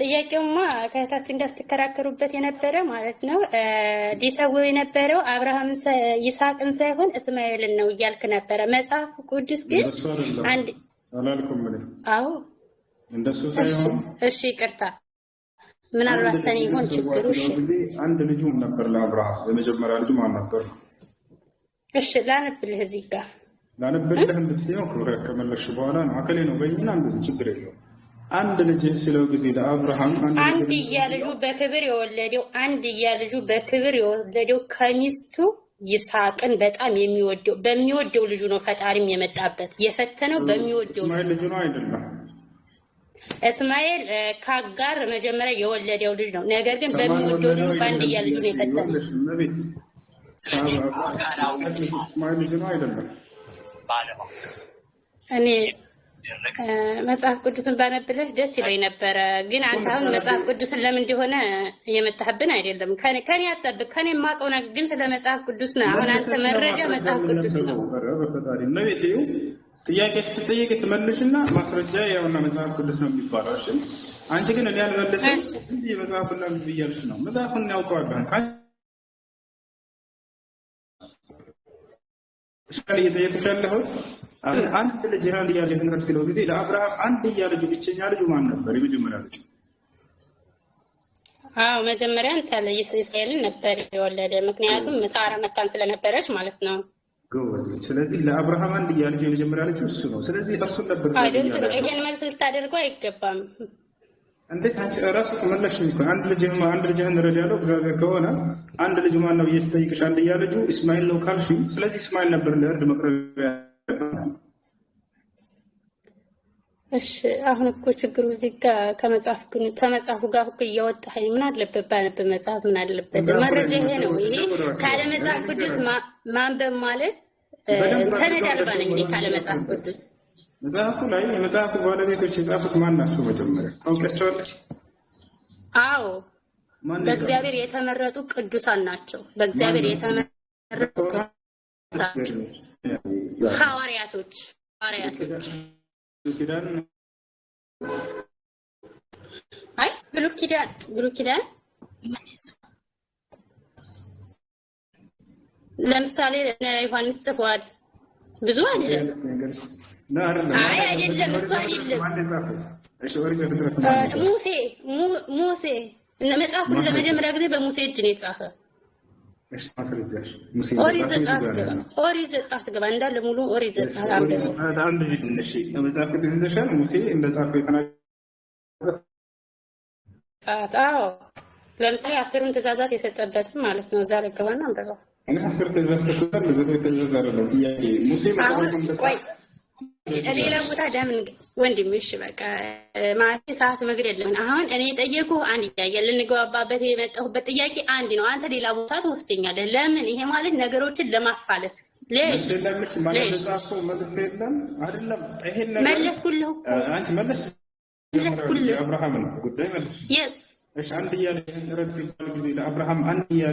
ጥያቄውማ ከእህታችን ጋር ስትከራከሩበት የነበረ ማለት ነው ሊሰው የነበረው አብርሃምን ይስሐቅን ሳይሆን እስማኤልን ነው እያልክ ነበረ። መጽሐፍ ቅዱስ ግን አንድ አላልኩም። አዎ እንደሱ ሳይሆን እሺ፣ ይቅርታ ምናልባት ከኔ ይሆን ችግሩ። እሺ አንድ ልጁም ነበር ለአብርሃም የመጀመሪያ ልጁ ማን እሺ ላነብልህ እዚህ ጋር ላነበልህም ብትየው ክብረ ከመለሽ በኋላ ነው አከሌ ነው በይና እንደዚህ ችግር የለው። አንድ ልጅ ስለው ጊዜ ለአብርሃም አንድ ልጁ በክብር የወለደው አንድ ልጁ በክብር የወለደው ከሚስቱ ይስሐቅን በጣም የሚወደው በሚወደው ልጁ ነው። ፈጣሪም የመጣበት የፈተነው በሚወደው ልጁ ነው አይደለም። እስማኤል ከአጋር መጀመሪያ የወለደው ልጅ ነው። ነገር ግን በሚወደው ልጁ በአንድያ ልጁ ነው የፈተነው። ነው አይደለም ባለማወቅ እኔ መጽሐፍ ቅዱስን ባነብልህ ደስ ይለኝ ነበረ። ግን አንተ አሁን መጽሐፍ ቅዱስን ለምን እንደሆነ እየመታህብን አይደለም። ከኔ አጠብቅ ከኔ የማውቀው ነገር ግን ስለ መጽሐፍ ቅዱስ ነው። አሁን አንተ መረጃ መጽሐፍ ቅዱስ ነው። ጥያቄ ስትጠየቅ ትመልሽና ማስረጃ ያውና መጽሐፍ ቅዱስ ነው የሚባለው። አንቺ ግን እኔ አልመለሰ መጽሐፉን ለምን ነው መጽሐፉን ያውቀዋለን ስለ እየጠየቁሽ ያለሁት አሁን አንድ ልጅ አንድያ ልጅ ንረብ ሲለው ጊዜ ለአብርሃም አንድያ ልጁ ብቸኛ ልጁ ማን ነበር? የመጀመሪያ ልጁ አዎ፣ መጀመሪያ እንታለ እስራኤልን ነበር የወለደ። ምክንያቱም ሳራ መካን ስለነበረች ማለት ነው። ጎበዝ። ስለዚህ ለአብርሃም አንድያ ልጁ የመጀመሪያ ልጁ እሱ ነው። ስለዚህ እርሱን ነበር። ይሄን መልስ ልታደርገው አይገባም። እንዴት አንቺ ራሱ ተመለስሽኝ እኮ አንድ ልጅ አንድ ልጅህን ረድ ያለው እግዚአብሔር ከሆነ አንድ ልጅ ማን ነው ብዬ ስጠይቅሽ አንድያ ልጁ እስማኤል ነው ካልሽኝ፣ ስለዚህ እስማኤል ነበር ለእርድ መቅረቢያ። እሺ አሁን እኮ ችግሩ እዚህ ጋር ከመጽሐፍ ከመጽሐፉ ጋር እኮ እያወጣኸኝ ምን አለበት ባነብ መጽሐፍ ምን አለበት? መረጃ ይሄ ነው። ይሄ ካለ መጽሐፍ ቅዱስ ማንበብ ማለት ሰነድ አልባ ነኝ ካለ መጽሐፍ ቅዱስ መጽሐፉ ላይ የመጽሐፉ ባለቤቶች የጻፉት ማን ናቸው? መጀመሪያ ታውቂያቸዋለች? አዎ፣ በእግዚአብሔር የተመረጡ ቅዱሳን ናቸው። በእግዚአብሔር የተመረጡ ሐዋርያቶች ሐዋርያቶች። አይ ብሉይ ኪዳን ብሉይ ኪዳን ለምሳሌ ዮሐንስ ጽፏል። ብዙ አለ አይ ሙሴ ሙሴ መጽሐፉ ለመጀመሪያ ጊዜ በሙሴ እጅ ነው የተጻፈ። ኦሪት ዘጸአት ትገባ እንዳለ ሙሉ ኦሪት ዘጸአት አዎ፣ ለምሳሌ አስሩን ትእዛዛት የሰጠበት ማለት ነው። እዛ ላይ ገባና አንበባ እኔ አስር ትእዛዝ ሰጥቷል። ዘጠኝ ትእዛዝ አይደለም ጥያቄ ሙሴ መጽሐፍ ሌላ ቦታ ለምን ወንድም ይሽ በቃ ማለት ሰዓት መግድ የለምን። አሁን እኔ ጠየቁ አንድ ያየ ልንገባባበት የመጣሁበት ጥያቄ አንድ ነው። አንተ ሌላ ቦታ ትወስደኛለህ ለምን? ይሄ ማለት ነገሮችን ለማፋለስ መለስኩልህ መለስኩልህ ጊዜ ለአብርሃም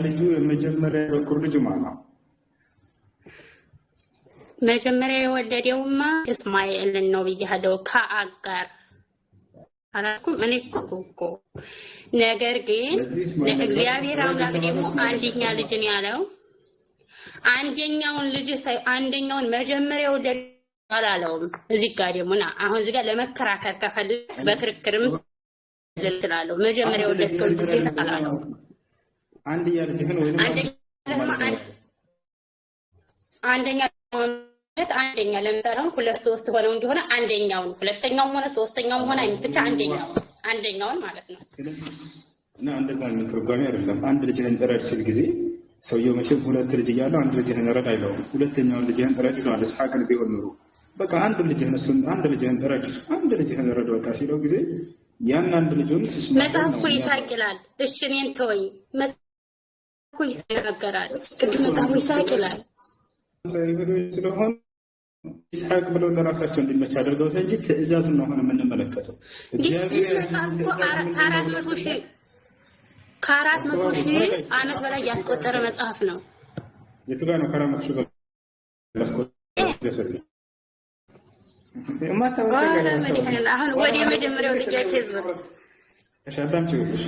ልጁ የመጀመሪያ በኩር ማለት ነው መጀመሪያ የወለደውማ እስማኤልን ነው ብያለው። ከአጋር አላልኩም እኔ ኮኮ። ነገር ግን እግዚአብሔር አምላክ ደግሞ አንደኛ ልጅን ያለው አንደኛውን ልጅ አንደኛውን መጀመሪያ የወለደ አላለውም። እዚህ ጋር ደግሞ ና አሁን እዚህ ጋር ለመከራከር ከፈለግ በክርክርም ልትላለሁ መጀመሪያ የወለድከው ልጅ አላለውም። አንደኛ ልጅ ግን አንደኛ ማለት አንደኛ ለምሳሌ አሁን ሁለት ሶስት ሆነው እንደሆነ አንደኛውን ሁለተኛውም ሆነ ሶስተኛውም ሆነ ብቻ አንደኛውን አንደኛውን ማለት ነው እና እንደዛ አይነት ትርጓሜ አይደለም። አንድ ልጅህን እረድ ሲል ጊዜ ሰውየው መቼም ሁለት ልጅ እያለው አንድ ልጅህን እረድ አይለውም። ሁለተኛውን ልጅህን እረድ ይለዋል። እስሐቅን ቢሆን ኑሮ በቃ አንድ ልጅህን እሱን አንድ ልጅህን እረድ አንድ ልጅህን እረድ በቃ ሲለው ጊዜ ያን አንድ ልጁን መጽሐፍ እኮ ይሳቅ ይላል። እሺ እኔን ተወኝ መጽሐፍ እኮ ይሳቅ ይናገራል። ቅዱስ መጽሐፍ ይሳቅ ይላል። አይሁዶች ስለሆኑ ይስሐቅ ብለው ለራሳቸው እንዲመች አድርገውት እንጂ ትእዛዝ ነው የምንመለከተው። ከአራት መቶ ሺህ ዓመት በላይ ያስቆጠረ መጽሐፍ ነው። የቱ ጋር ነው ከአራት መቶ ሺህ በላይ ያስቆጠረ? አሁን ወደ የመጀመሪያው ጥያቄ ሻዳም ችግርሽ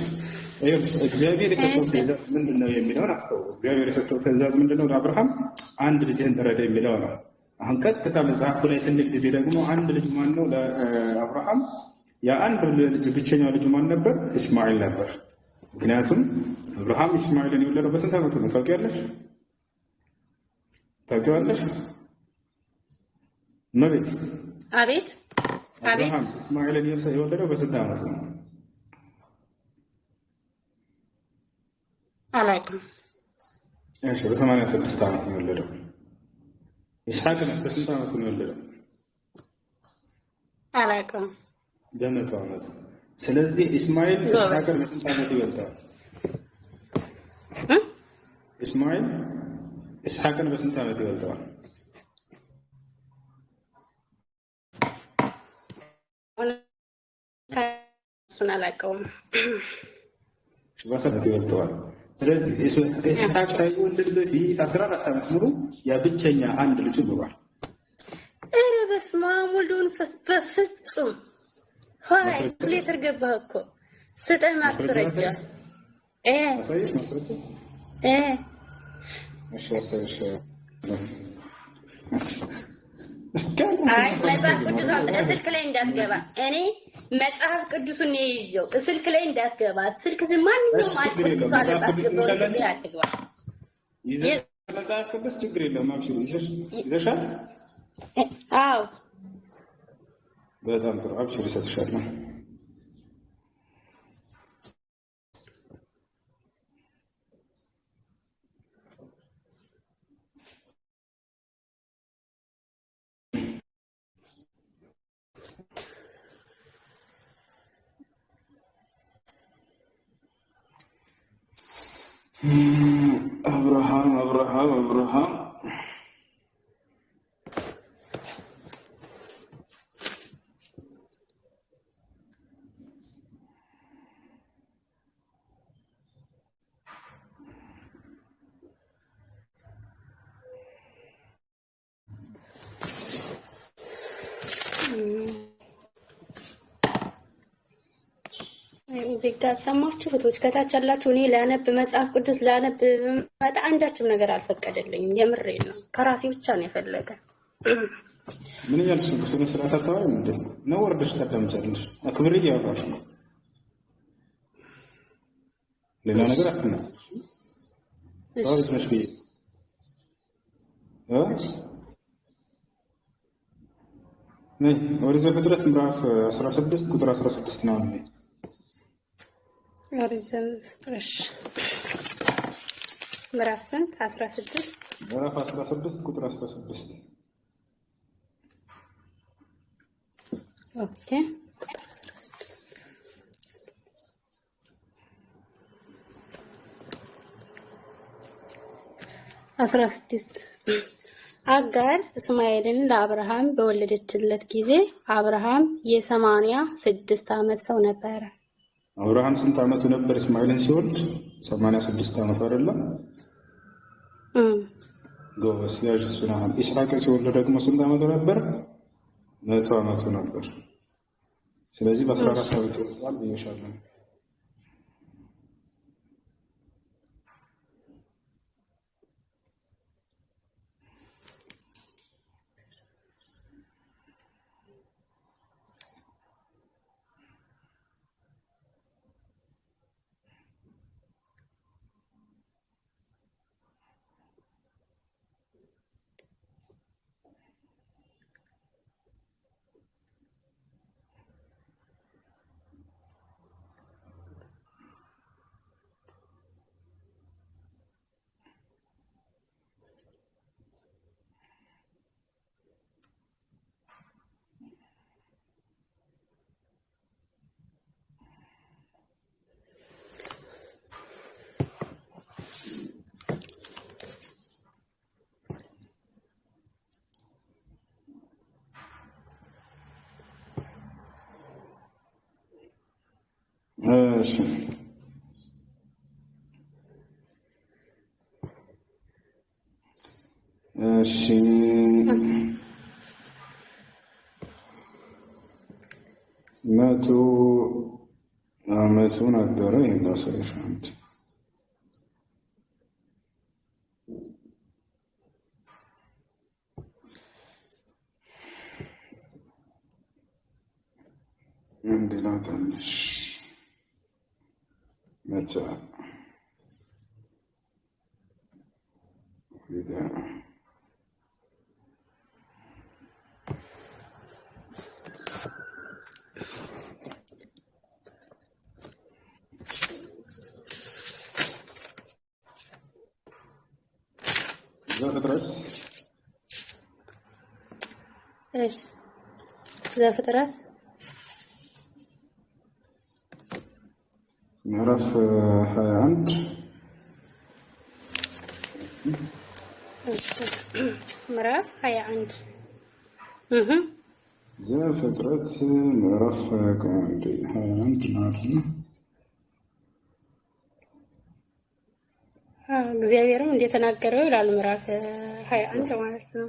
እግዚአብሔር የሰጠው ትእዛዝ ምንድን ነው የሚለውን አስተውሉ። እግዚአብሔር የሰጠው ትእዛዝ ምንድን ነው? ለአብርሃም አንድ ልጅህን ተረዳ የሚለው ነው። አሁን ቀጥታ መጽሐፉ ላይ ስንል ጊዜ ደግሞ አንድ ልጅ ማን ነው? ለአብርሃም የአንድ ልጅ ብቸኛው ልጅ ማን ነበር? እስማኤል ነበር። ምክንያቱም አብርሃም ኢስማኤልን የወለደው በስንት ዓመቱ ነው? ታውቂያለሽ? ታውቂዋለሽ? መቤት አቤት አቤት። አብርሃም እስማኤልን የወለደው በስንት ዓመቱ ነው? అలాగే ശിവസമാന സ്ഥലത്താണ് ഉള്ളൊരു ഇസ്ഹാഖിന് സ്പെഷ്യൽ സ്ഥാനത്തിന് ഉള്ളൊരു ጀነት ማለት ስለዚህ እስማኤል እስሐቅን በስንት ዓመቱ ይበልጣ? እስማኤል እስሐቅን በስንት ዓመት ይበልጠዋል? እሱን አላውቀውም። በስንት ይበልጠዋል? ስለዚህ ኢስሐቅ ሳይወለድ በፊት አስራ አራት ዓመት ሙሉ ያ ብቸኛ አንድ ልጁ ኑሯል። ኧረ በስመ አብ ወልድ ወመንፈስ በፍጹም ሌተር ገባህ እኮ ስጠኝ ማስረጃ ማስረጃ መጽሐፍ ቅዱስ ስልክ ላይ እንዳትገባ። እኔ መጽሐፍ ቅዱሱን ይዤው ስልክ ላይ እንዳትገባ። ስልክ ማንኛውም መጽሐፍ ቅዱስ ችግር የለውም። አብሽር ይዘሻል። አዎ፣ በጣም ጥሩ። አብሽር ይሰጥሻል። Авраам, Авраам, Авраам. እዚህ ጋር ሰማችሁ ፍቶች ከታች ያላችሁ እኔ ላነብ መጽሐፍ ቅዱስ ላነብ መጣ አንዳችም ነገር አልፈቀደልኝም። የምሬ ነው። ከራሴ ብቻ ነው የፈለገ ምን እያልሽ ስነ ስርዓት አካባቢ ምንድ ነው ወርደሽ ታዳምጫለሽ። አክብሬ እያወራሽ ነው። ሌላ ነገር አትና ሰዋቤትነሽ ብዬ ወደዚያ ፍጥረት ምዕራፍ 16 ቁጥር 16 ነው። ምዕራፍ ስንት? 16 ምዕራፍ ቁጥር ኦኬ። አስራ ስድስት አጋር እስማኤልን ለአብርሃም በወለደችለት ጊዜ አብርሃም የሰማንያ ስድስት ዓመት ሰው ነበረ። አብርሃም ስንት ዓመቱ ነበር እስማኤልን ሲወልድ? 86 ዓመት አይደለም? ጎበስ ያዥ ኢስሐቅን ሲወልድ ደግሞ ስንት ዓመቱ ነበር? መቶ ዓመቱ ነበር። ስለዚህ በ14 ዓመት ይወልዳል ብዬሻለሁ። والسنة السين መቶ አመቱ ነበረ። ይህን ላሳይሽ አንድ እንዴ ላታለሽ Mesela bir de Zafatrat. Evet. Zafatrat. ምዕራፍ 21 ምዕራፍ 21 ዘፍጥረት ምዕራፍ 21 ማለት ነው። እግዚአብሔርም እንደተናገረው ይላል ምዕራፍ 21 ማለት ነው።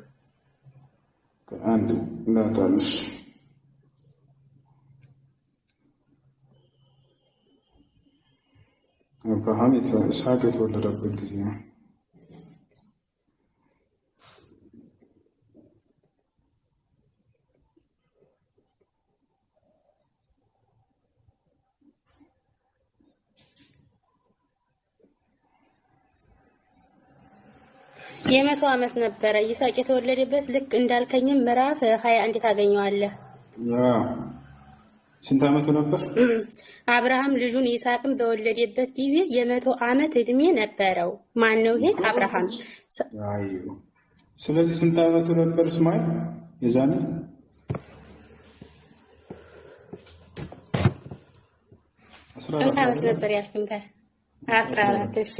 ከአንድ ላጣልሽ አብርሃም ይስሐቅ የተወለደበት ጊዜ ነው። የመቶ ዓመት ነበረ ይስሐቅ የተወለደበት። ልክ እንዳልከኝም ምዕራፍ ሀያ አንድ ታገኘዋለህ። ስንት ዓመቱ ነበር? አብርሃም ልጁን ይስሐቅን በወለደበት ጊዜ የመቶ ዓመት እድሜ ነበረው። ማን ነው ይሄ? አብርሃም። ስለዚህ ስንት ዓመቱ ነበር እስማኤል የዛኔ? ስንት ዓመት ነበር ያልክም? አስራ አራት እሺ።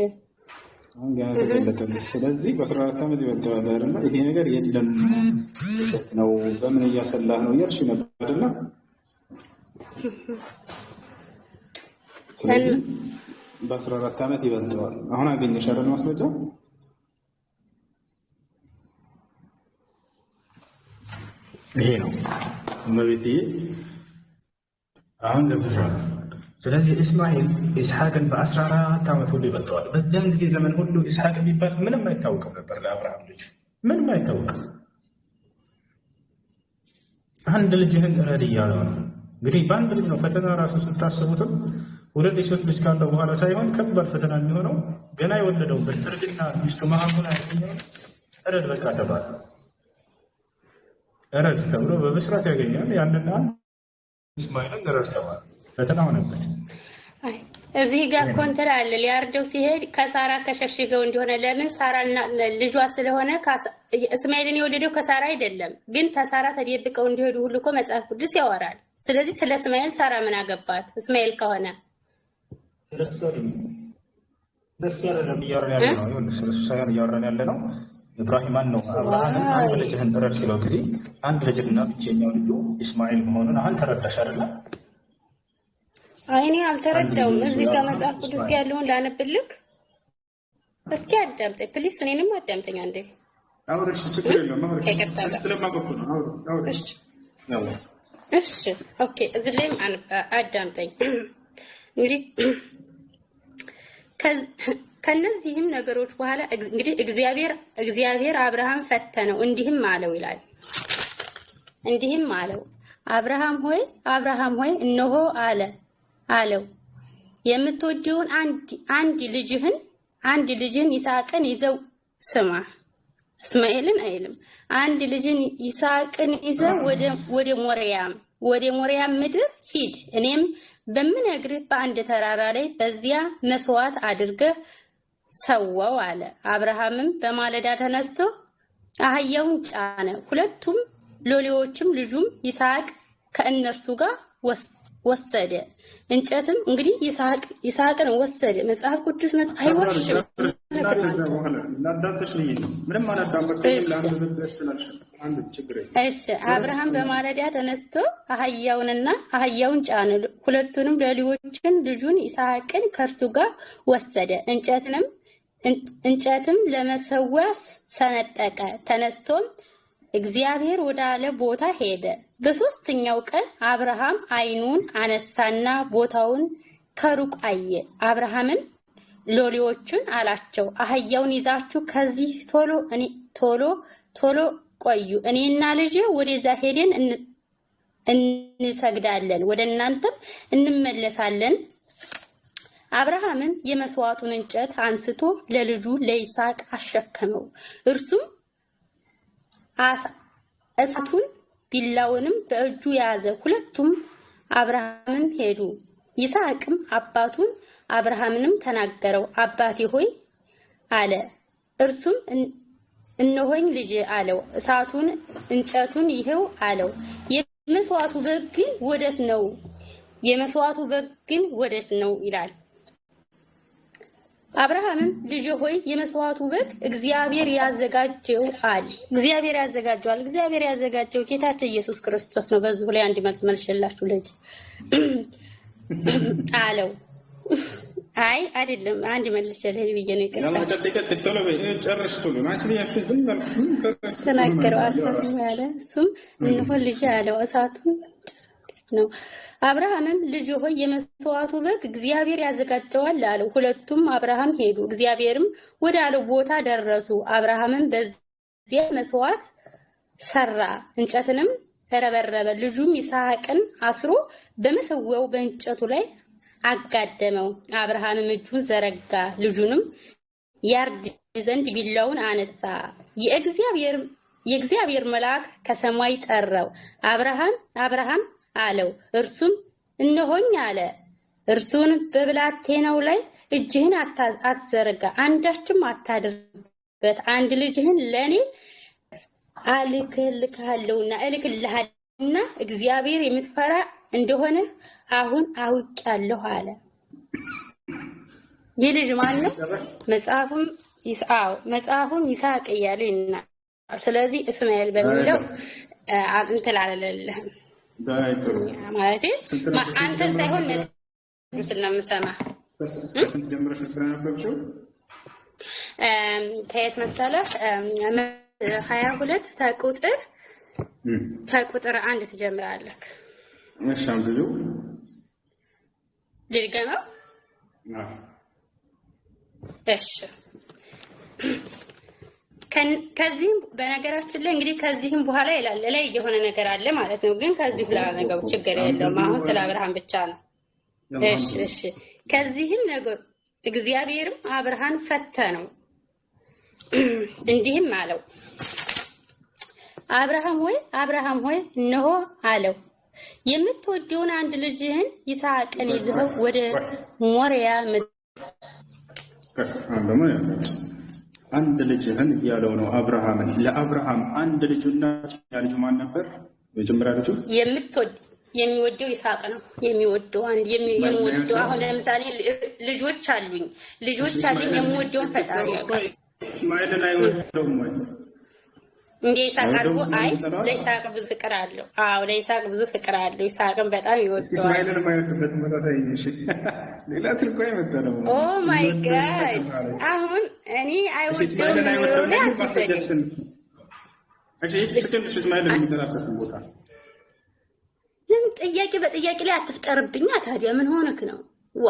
ስለዚህ በአስራ አራት ዓመት ይበልጠዋል አይደለ? ይሄ ነገር የለም ነው በምን እያሰላህ ነው እያልሽ ነበር አይደለም? በአስራ አራት ዓመት ይበልጠዋል። አሁን አገኘሽ አይደል ማስረጃ? ይሄ ነው እመቤትዬ። አሁን ገብቶሻል። ስለዚህ እስማኤል ኢስሐቅን በአስራ አራት ዓመት ሁሉ ይበልጠዋል። በዚያን ጊዜ ዘመን ሁሉ ኢስሐቅ የሚባል ምንም አይታወቅም ነበር ለአብርሃም ልጅ ምንም አይታወቅም። አንድ ልጅህን ረድ እያለው ነው እንግዲህ በአንድ ልጅ ነው ፈተና ራሱ ስታስቡትም ሁለት ልጅ ሶስት ልጅ ካለው በኋላ ሳይሆን ከባድ ፈተና የሚሆነው ገና የወለደው በስተርጅና ሚስቱ መሀሙን ያገኛል። እረድ በቃ ተባለ። እረድ ተብሎ በብስራት ያገኛል። ያንና እስማኤልን እረድ ተባለ። ፈተና ሆነበት። እዚህ ጋር ኮንትር አለ። ሊያርደው ሲሄድ ከሳራ ከሸሽገው እንደሆነ ለምን ሳራና ልጇ ስለሆነ እስማኤልን የወለደው ከሳራ አይደለም፣ ግን ከሳራ ተደብቀው እንዲሄዱ ሁሉ እኮ መጽሐፍ ቅዱስ ያወራል። ስለዚህ ስለ እስማኤል ሳራ ምን አገባት? እስማኤል ከሆነ ስለሱ አይደለም እያወራን ያለ ነው። ኢብራሂማን ነው አብርሃምን አንድ ልጅህን ጥረድ ሲለው ጊዜ አንድ ልጅና ብቸኛው ልጁ እስማኤል መሆኑን አሁን ተረዳሽ አይደለም? አይኔ አልተረዳውም። እዚህ ጋር ቅዱስ ያለውን ላነብልክ እስኪ አዳምጠኝ ፕሊስ፣ እኔንም አዳምጠኝ አንዴ። አሁን ችግር የለም ስለማቆኩ ነው። እሺ ኦኬ፣ እዚ ላይም አዳምጠኝ እንግዲህ ከነዚህም ነገሮች በኋላ እንግዲህ እግዚአብሔር እግዚአብሔር አብርሃም ፈተነው እንዲህም አለው ይላል። እንዲህም አለው አብርሃም ሆይ አብርሃም ሆይ እነሆ አለ አለው የምትወደውን አንድ አንድ ልጅህን አንድ ልጅህን ይስሐቅን ይዘው ስማ እስማኤልን አይልም። አንድ ልጅን ይስሐቅን ይዘው ወደ ወደ ሞሪያም ወደ ሞሪያ ምድር ሂድ፣ እኔም በምነግርህ በአንድ ተራራ ላይ በዚያ መስዋዕት አድርገህ ሰዋው አለ። አብርሃምም በማለዳ ተነስቶ አህያውን ጫነ፣ ሁለቱም ሎሌዎችም ልጁም ይስሐቅ ከእነርሱ ጋር ወስ ወሰደ እንጨትም እንግዲህ ይስሐቅን ወሰደ። መጽሐፍ ቅዱስ አይዋሽም። አብርሃም በማለዳ ተነስቶ አህያውንና አህያውን ጫነ፣ ሁለቱንም ለልጆችን ልጁን ይስሐቅን ከእርሱ ጋር ወሰደ። እንጨትንም እንጨትም ለመሰዋስ ሰነጠቀ። ተነስቶም እግዚአብሔር ወዳለ ቦታ ሄደ። በሦስተኛው ቀን አብርሃም አይኑን አነሳና ቦታውን ከሩቅ አየ። አብርሃምም ሎሌዎቹን አላቸው፣ አህያውን ይዛችሁ ከዚህ ቶሎ ቶሎ ቶሎ ቆዩ፣ እኔና ልጄ ወደዛ ሄደን እንሰግዳለን፣ ወደ እናንተም እንመለሳለን። አብርሃምም የመስዋዕቱን እንጨት አንስቶ ለልጁ ለይስሐቅ አሸከመው። እርሱም እሳቱን ቢላውንም በእጁ ያዘ። ሁለቱም አብርሃምን ሄዱ። ይስሐቅም አባቱን አብርሃምንም ተናገረው። አባቴ ሆይ አለ። እርሱም እነሆኝ ልጅ አለው። እሳቱን እንጨቱን ይሄው አለው። የመስዋዕቱ በግ ወደት ነው? የመስዋዕቱ በግ ወደት ነው ይላል። አብርሃምም ልጅ ሆይ የመስዋዕቱ ውበት እግዚአብሔር ያዘጋጀው አለ። እግዚአብሔር ያዘጋጀዋል። እግዚአብሔር ያዘጋጀው ጌታችን ኢየሱስ ክርስቶስ ነው። በዚሁ ላይ አንድ መልስ መልሽላችሁ ልጅ አለው። አይ አይደለም፣ አንድ መልሽልህ ብዬ ነው ተናገረው። አልፋት ያለ እሱም እንሆን ልጅ አለው እሳቱ ነው አብርሃምም ልጅ ሆይ የመስዋዕቱ በግ እግዚአብሔር ያዘጋጀዋል አለው። ሁለቱም አብርሃም ሄዱ። እግዚአብሔርም ወደ አለው ቦታ ደረሱ። አብርሃምም በዚያ መስዋዕት ሰራ፣ እንጨትንም ተረበረበ ልጁም ይስሐቅን አስሮ በመሰዊያው በእንጨቱ ላይ አጋደመው። አብርሃምም እጁን ዘረጋ፣ ልጁንም ያርድ ዘንድ ቢላውን አነሳ። የእግዚአብሔር መልአክ ከሰማይ ጠራው፣ አብርሃም አብርሃም አለው። እርሱም እነሆኝ አለ። እርሱን በብላቴናው ላይ እጅህን አትዘረጋ፣ አንዳችም አታድርበት፣ አንድ ልጅህን ለእኔ አልክልካለሁና እልክልሃለሁና እግዚአብሔር የምትፈራ እንደሆነ አሁን አውቄያለሁ አለ። ይህ ልጅ ማን ነው? መጽሐፉም ይስአው መጽሐፉም ይስሐቅ እያሉ ይና ስለዚህ እስማኤል በሚለው እንትን አለለልህም አንተን ሳይሆን ስለምሰማ ስንት ጀምረሽ ነበር ያነበብሽው? ከየት መሰለህ? ሀያ ሁለት ከቁጥር ከቁጥር አንድ ትጀምራለህ። እሻም ልዩ እሺ ከዚህም በነገራችን ላይ እንግዲህ ከዚህም በኋላ ይላል ላይ የሆነ ነገር አለ ማለት ነው። ግን ከዚህ ላይ ነገሩ ችግር የለውም። አሁን ስለ አብርሃም ብቻ ነው። እሺ እሺ። ከዚህም ነገሩ እግዚአብሔርም አብርሃን ፈተነው እንዲህም አለው፣ አብርሃም ሆይ አብርሃም ሆይ እነሆ አለው፣ የምትወደውን አንድ ልጅህን ይስሐቅን ይዘህ ወደ ሞሪያ ምድር አንድ ልጅህን እያለው ነው አብርሃምን። ለአብርሃም አንድ ያ ልጁ ማን ነበር? መጀመሪያ ልጁ የምትወድ የሚወደው ይስሐቅ ነው። የሚወደው አንድ የሚወደው አሁን ለምሳሌ ልጆች አሉኝ ልጆች አሉኝ። የምወደውን ፈጣሪ ያውቃል። እስማኤልን አይወደውም ወይ? እንደ ይስሐቅ አልቦ አይ ለይስሐቅ ብዙ ፍቅር አለው። አዎ ለይስሐቅ ብዙ ፍቅር አለው። ይስሐቅን በጣም ሌላ ይወስደዋል። ኦ ማይ ጋድ! አሁን እኔ አይወደውም የሚለው ጥያቄ በጥያቄ ላይ አትፍጠርብኛ። ታዲያ ምን ሆነክ ነው ዋ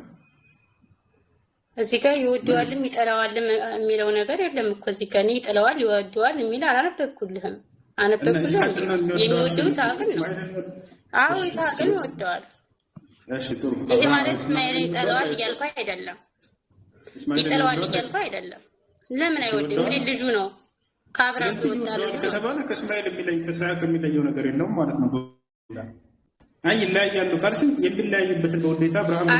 እዚህ ጋር ይወደዋልም ይጠላዋልም የሚለው ነገር የለም እኮ እዚህ ጋር እኔ ይጠላዋል ይወደዋል የሚል አላነበብኩልህም። አነበብኩልህ የሚወደው ይስሐቅን ነው። አዎ ይስሐቅን ይወደዋል። ይሄ ማለት እስማኤልን ይጠላዋል እያልኩ አይደለም። ይጠላዋል እያልኩ አይደለም። ለምን አይወድም? እንግዲህ ልጁ ነው ከአብርሃም የወጣ ልጅ ከተባለ ከእስማኤል የሚለይ ከይስሐቅ የሚለየው ነገር የለውም ማለት ነው። አይ ይለያያሉ ካልሽም የሚለያዩበትን በውዴታ አብርሃም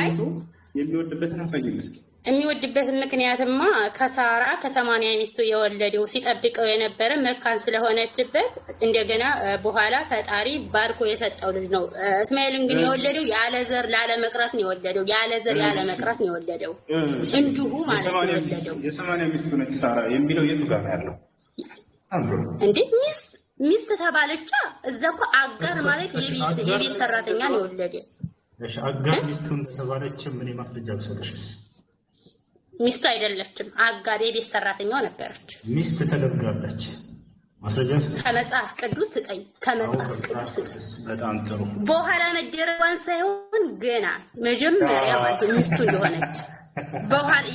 የሚወድበትን አሳይም እስኪ የሚወድበት ምክንያትማ ከሳራ ከሰማንያ ሚስቱ የወለደው ሲጠብቀው የነበረ መካን ስለሆነችበት እንደገና በኋላ ፈጣሪ ባርኮ የሰጠው ልጅ ነው። እስማኤልን ግን የወለደው ያለ ዘር ላለመቅረት ነው የወለደው ያለ ዘር ያለመቅረት ነው የወለደው እንዲሁ ማለት ነው የሰማንያ ሚስቱ ነች ሳራ የሚለው የቱ ጋር ያለው እንዴ? ሚስት ሚስት ተባለቻ። እዛ እኮ አጋር ማለት የቤት ሰራተኛ ነው የወለደ አጋር ሚስቱን ተባለች። ምን ማስረጃ ሰጥሽስ? ሚስቱ አይደለችም፣ አጋር የቤት ሰራተኛው ነበረች። ሚስት ተደርጋለች። ማስረጃ ከመጽሐፍ ቅዱስ ስጠኝ፣ ከመጽሐፍ ቅዱስ ስጠኝ። በጣም ጥሩ። በኋላ መደረቧን ሳይሆን ገና መጀመሪያ ማለት ሚስቱ እንደሆነች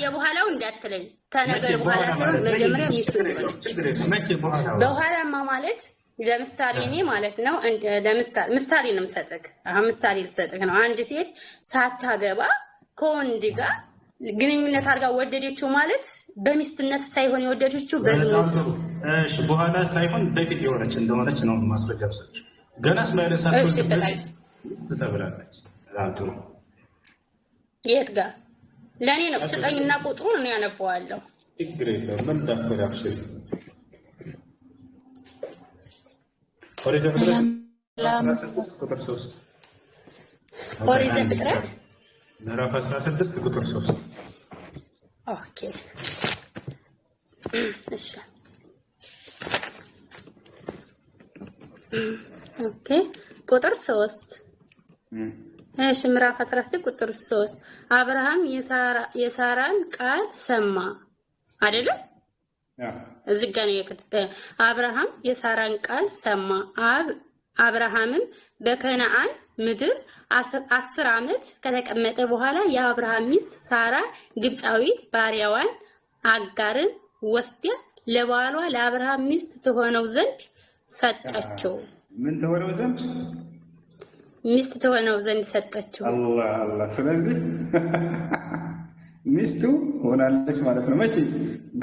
የበኋላው እንዳትለኝ ተነገር በኋላ ሳይሆን መጀመሪያ ሚስቱ እንደሆነች በኋላማ ማለት ለምሳሌ እኔ ማለት ነው። ምሳሌ ነው የምሰጥህ። አሁን ምሳሌ ልሰጥህ ነው። አንድ ሴት ሳታገባ ከወንድ ጋር ግንኙነት አድርጋ ወደደችው ማለት በሚስትነት ሳይሆን የወደደችው በዝሞት በኋላ ሳይሆን በፊት የሆነች እንደሆነች ነው ማስረጃ ሰች ገና ስላለሳተብላለች የት ጋር ለእኔ ነው ስጠኝና ቁጥሩ እኔ ያነበዋለሁ። ችግር የለውም እንዳፈዳሽ ኦሪት ዘፍጥረት ምዕራፍ 16 ቁጥር 3 ኦኬ። እሺ ኦኬ። ቁጥር 3 እሺ፣ ምዕራፍ 16 ቁጥር 3 አብርሃም የሳራን ቃል ሰማ አይደለ? እዚህ ጋር ነው የከተ አብርሃም የሳራን ቃል ሰማ። አብ አብርሃምም በከነዓን ምድር አስር ዓመት ከተቀመጠ በኋላ የአብርሃም ሚስት ሳራ ግብፃዊት ባሪያዋን አጋርን ወስደ ለባሏ ለአብርሃም ሚስት ትሆነው ዘንድ ሰጠችው። ምን ትሆነው ዘንድ ሚስት ትሆነው ዘንድ ሰጠችው። አላህ አላህ። ስለዚህ ሚስቱ ሆናለች ማለት ነው። መቼ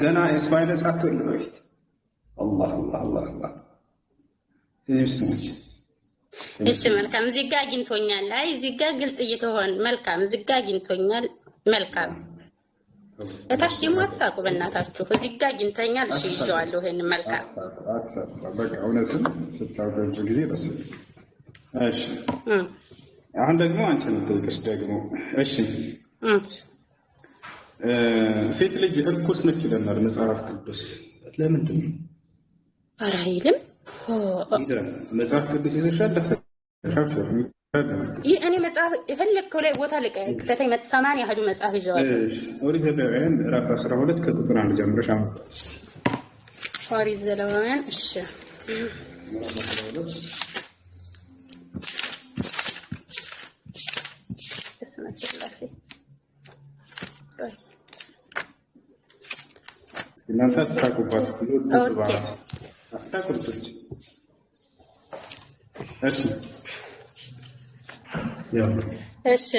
ገና እስማኤል ሳትወልድ በፊት አላህ አላህ አላህ አላህ እሺ መልካም። እዚህ ጋ አግኝቶኛል። አይ እዚህ ጋ ግልጽ እየተሆን መልካም። እዚህ ጋ አግኝቶኛል። መልካም። እታች ደግሞ አትሳቁ በእናታችሁ። እዚህ ጋ አግኝተኛል። እሺ ይዤዋለሁ። ይሄን መልካም። በቃ እውነትም ስታውቀጅ ጊዜ በስ እሺ። አሁን ደግሞ አንቺ ንጠይቅሽ ደግሞ እሺ። ሴት ልጅ እርኩስ ነች ይለናል መጽሐፍ ቅዱስ። ለምንድን ነው አራይልም መጽሐፍ ቅዱስ ይዘሻል። ይህ እኔ መጽሐፍ የፈለግከው ላይ ቦታ ልቀተኝ ያህሉ መጽሐፍ ኦሪት ዘሌዋውያን ምዕራፍ ከቁጥር አንድ ጀምረሽ አመ ኦሪት ዘሌዋውያን እሺ እናንተ አትሳቁባት ብሎ አትሳቁልቶች እሺ እሺ